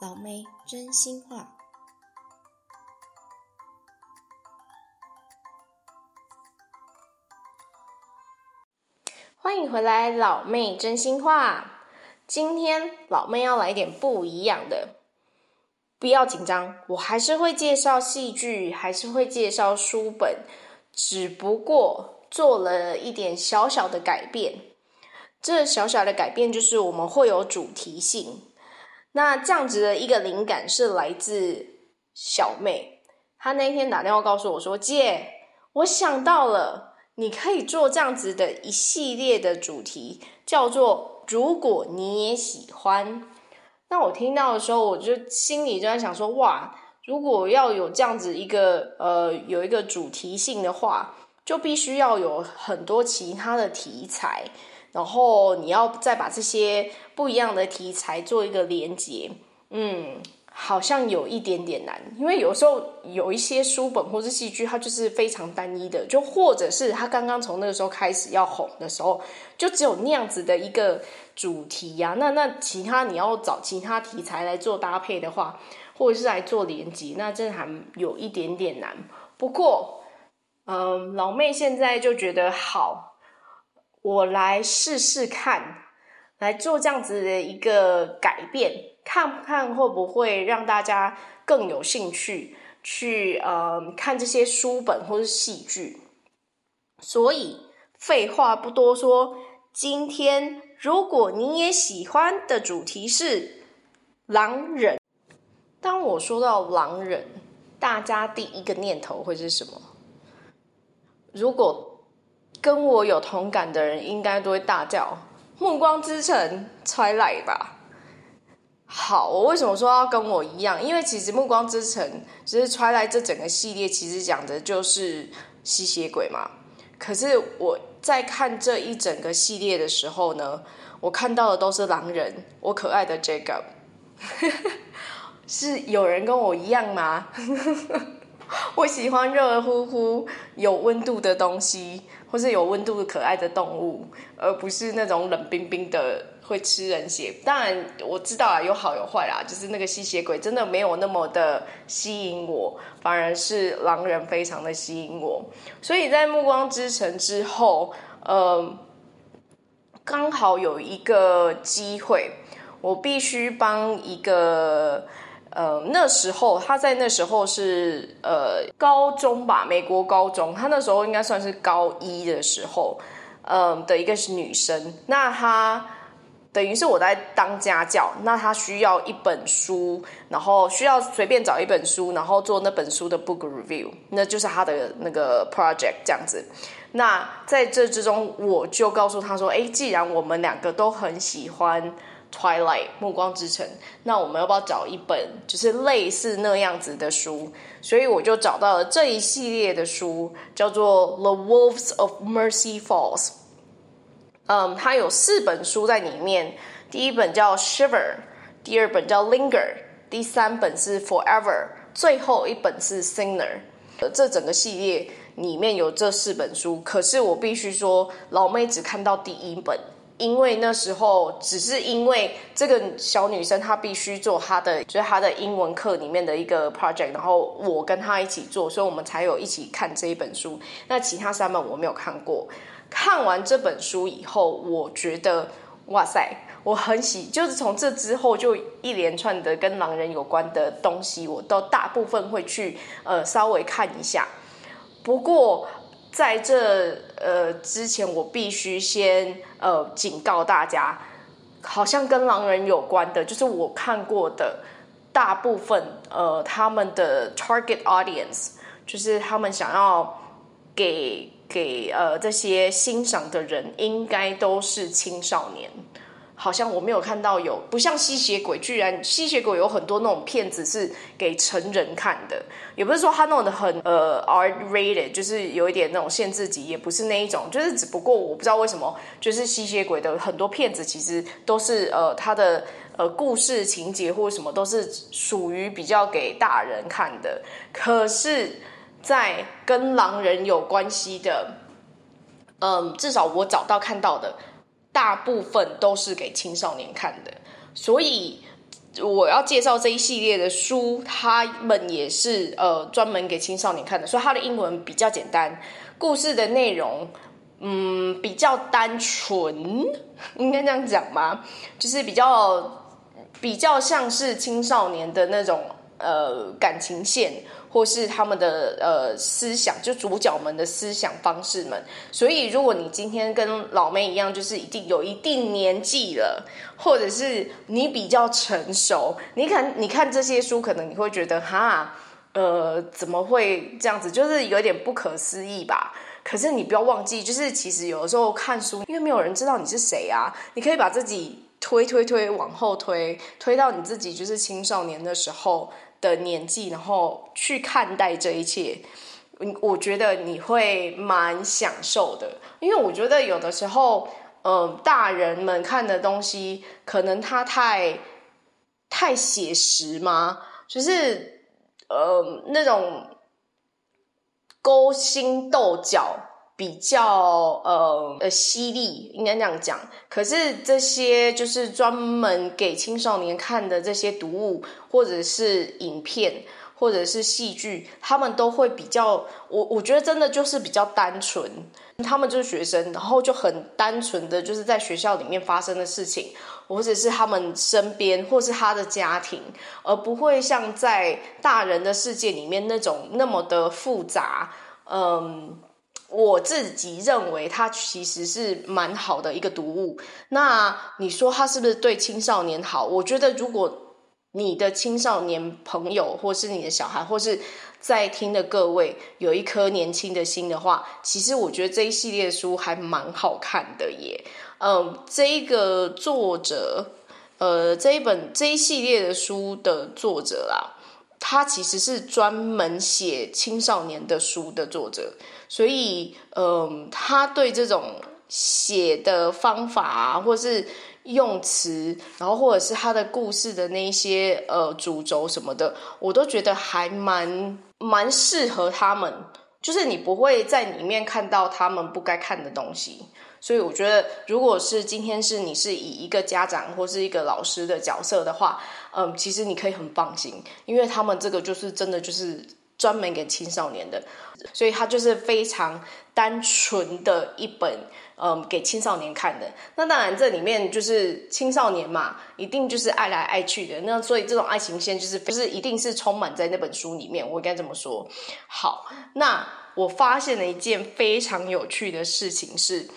老妹，真心話。歡迎回來，老妹，真心話。今天老妹要來一點不一樣的，不要緊張，我還是會介紹戲劇，還是會介紹書本，只不過做了一點小小的改變。這小小的改變就是我們會有主題性。那這樣子的一個靈感是來自小妹，她那天打電話告訴我說：“姐，我想到了，你可以做這樣子的一系列的主題，叫做如果你也喜歡。”那我聽到的時候，我就心裡就在想說：“哇，如果要有這樣子一個呃，有一個主題性的話，就必須要有很多其他的題材。”然後你要再把這些不一樣的題材做一個連接，嗯，好像有一點點難，因為有時候有一些書本或是戲劇，它就是非常單一的，就或者是他剛剛從那個時候開始要紅的時候，就只有那樣子的一個主題呀、啊。那那其他你要找其他題材來做搭配的話，或者是來做連接，那真的還有一點點難。不過，嗯，老妹現在就覺得好。我來試試看，來做這樣子的一個改變，看看會不會讓大家更有興趣去呃看這些書本或是戲劇。所以廢話不多說，今天如果你也喜歡的主題是狼人。當我說到狼人，大家第一個念頭會是什麼？如果。跟我有同感的人應該都會大叫《暮光之城》Twilight 吧。好，我為什麼說要跟我一樣？因為其實《暮光之城》就是 Twilight 這整個系列，其實講的就是吸血鬼嘛。可是我在看這一整個系列的時候呢，我看到的都是狼人，我可愛的 Jacob。 是有人跟我一樣嗎？ 我喜歡熱乎乎、有溫度的東西，或是有溫度、可愛的動物，而不是那種冷冰冰的會吃人血。當然，我知道啊，有好有壞啦。就是那個吸血鬼真的沒有那麼的吸引我，反而是狼人非常的吸引我。所以在《暮光之城》之後，呃，剛好有一個機會，我必須幫一個。呃，那時候他在那時候是呃高中吧，美國高中，他那時候應該算是高一的時候，嗯、呃、的一個是女生，那她等於是我在當家教，那她需要一本書，然後需要隨便找一本書，然後做那本書的 book review，那就是她的那個 project 這樣子。那在這之中，我就告訴她說誒，既然我們兩個都很喜歡。Twilight《暮光之城》，那我們要不要找一本就是類似那樣子的書？所以我就找到了這一系列的書，叫做《The Wolves of Mercy Falls》。嗯，它有四本書在裡面。第一本叫《Shiver》，第二本叫《Linger》，第三本是《Forever》，最後一本是《Sinner》。這整個系列裡面有這四本書，可是我必須說，老妹只看到第一本。因為那時候只是因為這個小女生她必須做她的就是她的英文課裡面的一個 project，然後我跟她一起做，所以我們才有一起看這一本書。那其他三本我沒有看過。看完這本書以後，我覺得哇塞，我很喜，就是從這之後就一連串的跟狼人有關的東西，我都大部分會去呃稍微看一下。不過。在這呃之前，我必須先呃警告大家，好像跟狼人有關的，就是我看過的大部分呃他們的 target audience，就是他們想要給給呃這些欣賞的人，應該都是青少年。好像我沒有看到有不像吸血鬼，居然吸血鬼有很多那種片子，是給成人看的，也不是說他弄得很呃，R rated，就是有一點那種限制級，也不是那一種，就是只不過我不知道為什麼，就是吸血鬼的很多片子其實都是呃，他的呃故事情節或什麼都是屬於比較給大人看的，可是，在跟狼人有關係的，嗯、呃，至少我找到看到的。大部分都是給青少年看的，所以我要介紹這一系列的書，他們也是呃專門給青少年看的，所以他的英文比較簡單，故事的內容嗯比較單純，應該這樣講吧，就是比較比較像是青少年的那種呃感情線。或是他們的呃思想，就主角們的思想方式們。所以，如果你今天跟老妹一樣，就是一定有一定年紀了，或者是你比較成熟，你看你看這些書，可能你會覺得哈，呃，怎麼會這樣子？就是有點不可思議吧。可是你不要忘記，就是其實有的時候看書，因為沒有人知道你是誰啊，你可以把自己推推推往後推，推到你自己就是青少年的時候的年紀，然後去看待這一切，我覺得你會蠻享受的，因為我覺得有的時候，嗯、呃，大人們看的東西，可能他太，太寫實嗎，就是呃，那種勾心鬥角。比較呃，呃，犀利，應該這樣講。可是這些就是專門給青少年看的這些讀物，或者是影片，或者是戲劇，他們都會比較。我我覺得真的就是比較單純，他們就是學生，然後就很單純的就是在學校裡面發生的事情，或者是他們身邊，或是他的家庭，而不會像在大人的世界裡面那種那麼的複雜。嗯、呃。我自己認為它其實是蠻好的一個讀物。那你說它是不是對青少年好？我覺得，如果你的青少年朋友，或是你的小孩，或是在聽的各位，有一顆年輕的心的話，其實我覺得這一系列的書還蠻好看的耶。嗯，這一個作者，呃，這一本這一系列的書的作者啦、啊，他其實是專門寫青少年的書的作者。所以，嗯，他對這種寫的方法啊，或是用詞，然後或者是他的故事的那一些呃主軸什麼的，我都覺得還蠻蠻適合他們。就是你不會在裡面看到他們不該看的東西。所以，我覺得，如果是今天是你是以一個家長或是一個老師的角色的話，嗯，其實你可以很放心，因為他們這個就是真的就是。專門給青少年的，所以它就是非常單純的一本，嗯，給青少年看的。那當然，這裡面就是青少年嘛，一定就是愛來愛去的。那所以這種愛情線就是，就是一定是充滿在那本書裡面。我應該怎麼說？好，那我發現了一件非常有趣的事情是，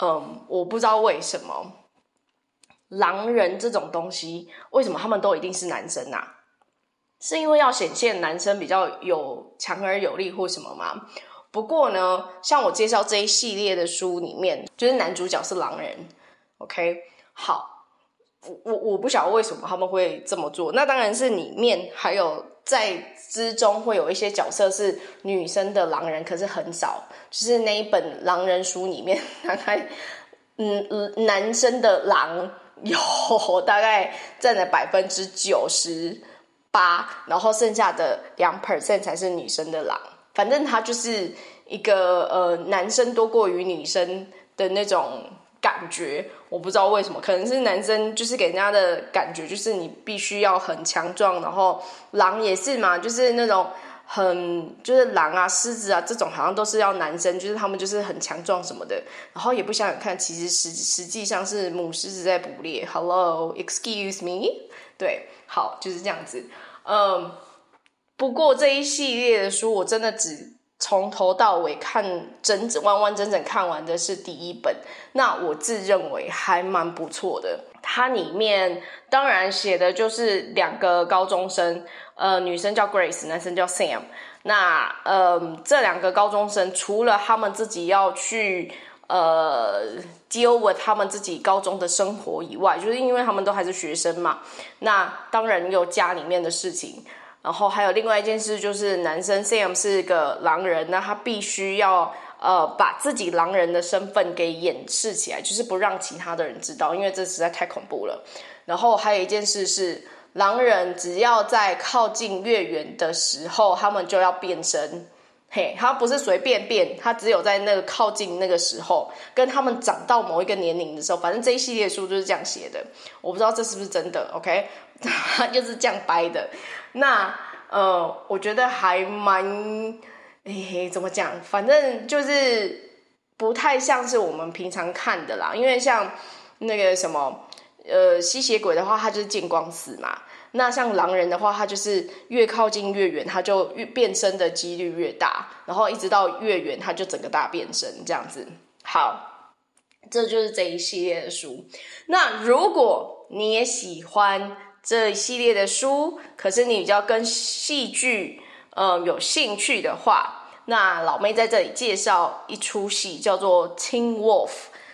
嗯，我不知道為什麼，狼人這種東西，為什麼他們都一定是男生啊？是因為要顯現男生比較有強而有力或什麼嗎？不過呢，像我介紹這一系列的書裡面，就是男主角是狼人。OK，好，我我我不曉得為什麼他們會這麼做。那當然是裡面還有在之中會有一些角色是女生的狼人，可是很少。就是那一本狼人書裡面，大概嗯嗯，男生的狼有大概占了百分之九十。八，8, 然後剩下的2%才是女生的狼。反正他就是一個呃，男生多過於女生的那種感覺。我不知道為什麼，可能是男生就是給人家的感覺，就是你必須要很強壯，然後狼也是嘛，就是那種。很就是狼啊、獅子啊這種，好像都是要男生，就是他們就是很強壯什麼的。然後也不想想看，其實實實際上是母獅子在捕獵。Hello，Excuse me，對，好就是這樣子。嗯，不過這一系列的書，我真的只從頭到尾看整整完完整整看完的是第一本。那我自認為還蠻不錯的。它裡面當然寫的就是兩個高中生。呃，女生叫 Grace，男生叫 Sam。那呃，這兩個高中生除了他們自己要去呃 deal with 他們自己高中的生活以外，就是因為他們都還是學生嘛。那當然有家裡面的事情，然後還有另外一件事就是，男生 Sam 是個狼人，那他必須要呃把自己狼人的身份給掩飾起來，就是不讓其他的人知道，因為這實在太恐怖了。然後還有一件事是。狼人，只要在靠近月圓的時候，他們就要變身。嘿，他不是隨便變，他只有在那個靠近那個時候，跟他們長到某一個年齡的時候，反正這一系列書就是這樣寫的。我不知道這是不是真的，OK？ 他就是這樣掰的。那呃，我覺得還蠻，嘿、欸、嘿，怎麼講？反正就是不太像是我們平常看的啦，因為像那個什麼。呃，吸血鬼的話，它就是見光死嘛。那像狼人的話，它就是越靠近越遠，它就越變身的幾率越大。然後一直到越遠，它就整個大變身這樣子。好，這就是這一系列的書。那如果你也喜歡這一系列的書，可是你比較跟戲劇，嗯、呃，有興趣的話，那老妹在這裡介紹一出戲，叫做《Teen Wolf》，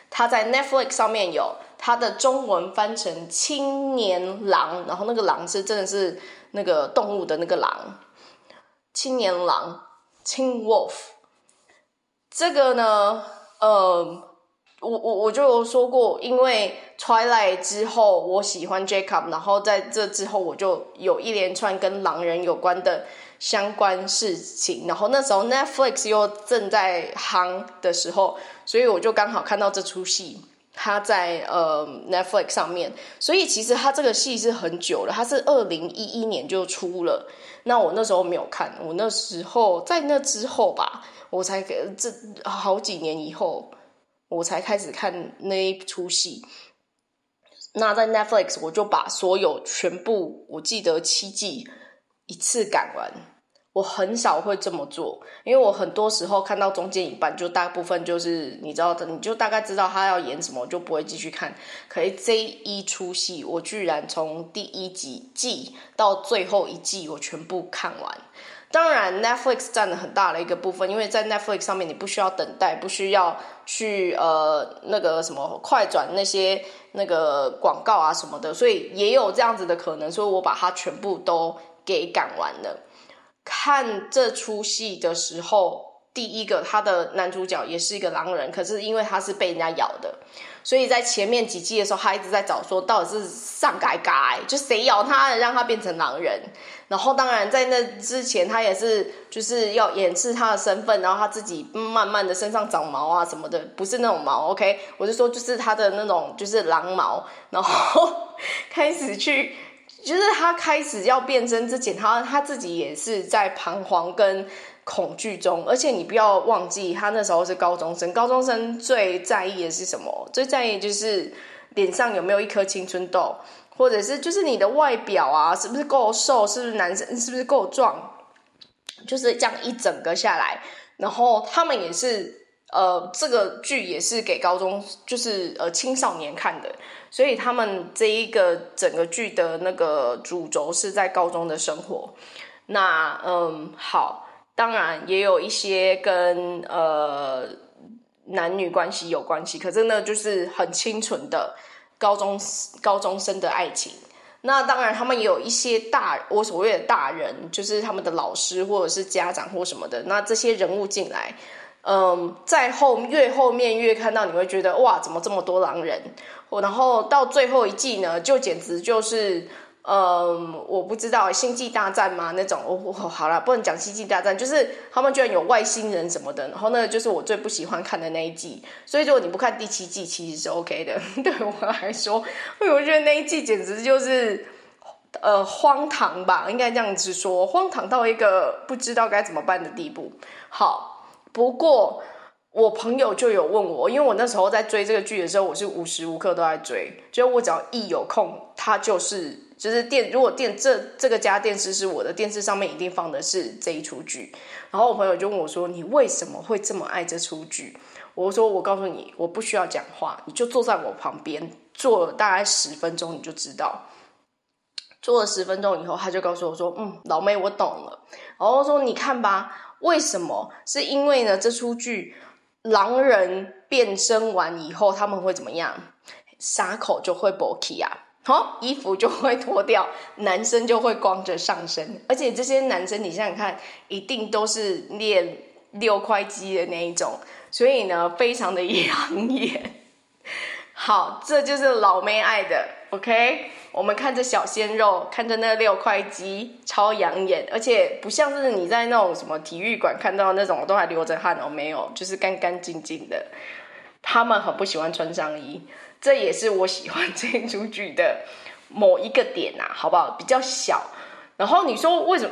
它在 Netflix 上面有。它的中文翻成青年狼，然後那個狼是真的是那個動物的那個狼，青年狼，Teen Wolf。這個呢，呃，我我我就有說過，因為《Twilight》之後，我喜歡 Jacob，然後在這之後，我就有一連串跟狼人有關的相關事情，然後那時候 Netflix 又正在夯的時候，所以我就剛好看到這出戲。他在呃 Netflix 上面，所以其實他這個戲是很久了，他是二零一一年就出了。那我那時候沒有看，我那時候在那之後吧，我才給這好幾年以後，我才開始看那一出戲。那在 Netflix 我就把所有全部，我記得七季一次趕完。我很少會這麼做，因為我很多時候看到中間一半，就大部分就是你知道的，你就大概知道他要演什麼，我就不會繼續看。可是這一出戲，我居然從第一集記到最後一季，我全部看完。當然，Netflix 佔了很大的一個部分，因為在 Netflix 上面，你不需要等待，不需要去呃那個什麼快轉那些那個廣告啊什麼的，所以也有這樣子的可能，所以我把它全部都給趕完了。看這出戲的時候，第一個他的男主角也是一個狼人，可是因為他是被人家咬的，所以在前面幾季的時候，他一直在找說到底是上改改、欸，就誰咬他讓他變成狼人。然後當然在那之前，他也是就是要掩飾他的身份，然後他自己慢慢的身上長毛啊什麼的，不是那種毛，OK，我就說就是他的那種就是狼毛，然後 開始去。就是他開始要變身之前，他他自己也是在彷徨跟恐懼中，而且你不要忘記，他那時候是高中生，高中生最在意的是什麼？最在意就是臉上有沒有一顆青春痘，或者是就是你的外表啊，是不是夠瘦，是不是男生，是不是夠壯，就是這樣一整個下來，然後他們也是。呃，這個劇也是給高中，就是呃青少年看的，所以他們這一個整個劇的那個主軸是在高中的生活。那嗯，好，當然也有一些跟呃男女關係有關係，可真的就是很清純的高中高中生的愛情。那當然，他們也有一些大我所謂的大人，就是他們的老師或者是家長或什麼的，那這些人物進來。嗯，在後越後面越看到你會覺得哇，怎麼這麼多狼人？哦，然後到最後一季呢，就簡直就是嗯，我不知道星際大戰嗎？那種，哦，哦，好啦，不能講星際大戰，就是他們居然有外星人什麼的。然後那個就是我最不喜歡看的那一季，所以就你不看第七季，其實是 OK 的，對我來說，我覺得那一季簡直就是呃荒唐吧，應該這樣子說，荒唐到一個不知道該怎麼辦的地步。好。不過，我朋友就有問我，因為我那時候在追這個劇的時候，我是無時無刻都在追，就是我只要一有空，他就是就是電，如果電這這個家電視是我的電視，上面一定放的是這一齣劇。然後我朋友就問我說：“你為什麼會這麼愛這齣劇？”我說：“我告訴你，我不需要講話，你就坐在我旁邊坐了大概十分鐘，你就知道。”坐了十分鐘以後，他就告訴我說：“嗯，老妹，我懂了。”然後我說：“你看吧。”為什麼？是因為呢？這出劇，狼人變身完以後他們會怎麼樣？撒口就會搏起啊，好、哦，衣服就會脫掉，男生就會光着上身，而且這些男生你想想看，一定都是練六塊肌的那一種，所以呢，非常的養眼。好，這就是老妹愛的，OK。我們看着小鮮肉，看着那六塊肌，超養眼，而且不像是你在那種什麼體育館看到那種，我都還流着汗哦，沒有，就是干干淨淨的。他們很不喜歡穿上衣，這也是我喜歡這齣劇的某一個點啊，好不好？比較小。然後你說為什麼？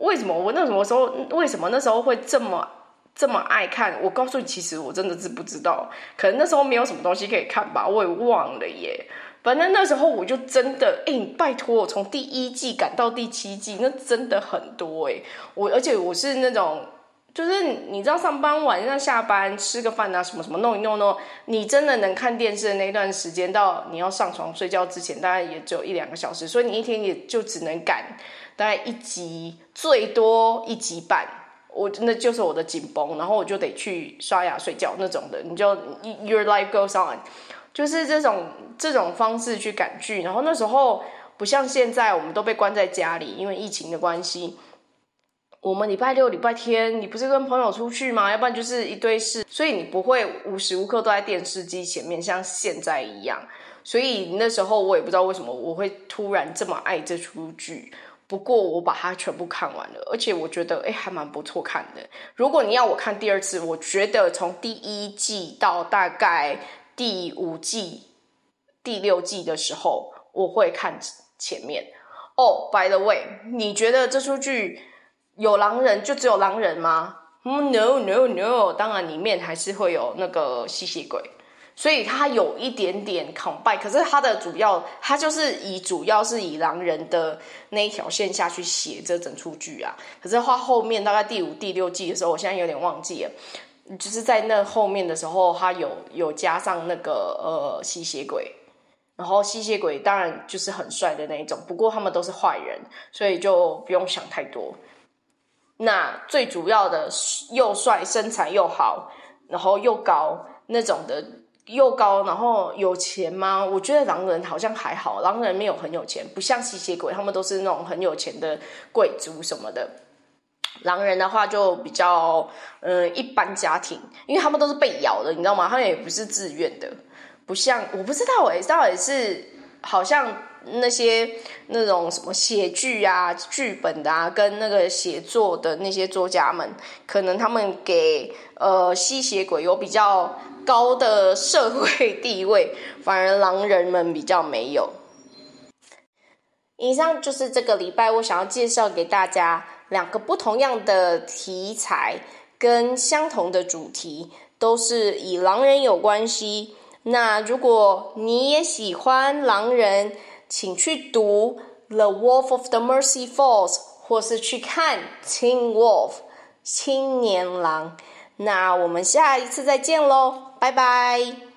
為什麼我那什麼時候？為什麼那時候會這麼這麼愛看？我告訴你，其實我真的是不知道，可能那時候沒有什麼東西可以看吧，我也忘了耶。反正那時候我就真的，哎、欸，你拜托我從第一季趕到第七季，那真的很多哎、欸。我而且我是那種，就是你知道上班晚上下班吃個飯啊，什麼什麼弄一弄弄。No, no, no, 你真的能看電視的那段時間，到你要上床睡覺之前，大概也只有一兩個小時。所以你一天也就只能趕大概一集，最多一集半。我那就是我的緊繃，然後我就得去刷牙睡覺那種的。你就 your life goes on。就是這種這種方式去趕劇，然後那時候不像現在，我們都被關在家裡，因為疫情的關係。我們禮拜六、禮拜天，你不是跟朋友出去嗎？要不然就是一堆事，所以你不會無時無刻都在電視機前面像現在一樣。所以那時候我也不知道為什麼我會突然這麼愛這出劇，不過我把它全部看完了，而且我覺得誒還蠻不錯看的。如果你要我看第二次，我覺得從第一季到大概。第五季、第六季的時候，我會看前面。哦，oh，by the way，你覺得這出劇有狼人就只有狼人嗎？嗯，no，no，no，no，當然裡面還是會有那個吸血鬼，所以它有一點點 combine。可是它的主要，它就是以主要是以狼人的那一條線下去寫這整出劇啊。可是畫後面大概第五、第六季的時候，我現在有點忘記了。就是在那後面的時候，他有有加上那個呃吸血鬼，然後吸血鬼當然就是很帥的那一種，不過他們都是壞人，所以就不用想太多。那最主要的是又帥，身材又好，然後又高那種的，又高，然後有錢嗎？我覺得狼人好像還好，狼人沒有很有錢，不像吸血鬼，他們都是那種很有錢的貴族什麼的。狼人的話就比較，嗯、呃，一般家庭，因為他們都是被咬的，你知道嗎？他們也不是自願的，不像我不知道哎，到底是，到底是好像那些那種什麼寫劇啊、劇本的啊，跟那個寫作的那些作家們，可能他們給呃吸血鬼有比較高的社會地位，反而狼人們比較沒有。以上就是這個禮拜我想要介紹給大家。兩個不同樣的題材跟相同的主題，都是以狼人有關係。那如果你也喜歡狼人，請去讀《The Wolf of the Mercy Falls》，或是去看《Teen Wolf》青年狼。那我們下一次再見嘍，拜拜。